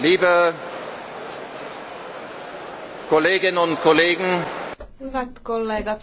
Liebe Kolleginnen und Kollegen, Hyvät kollegat,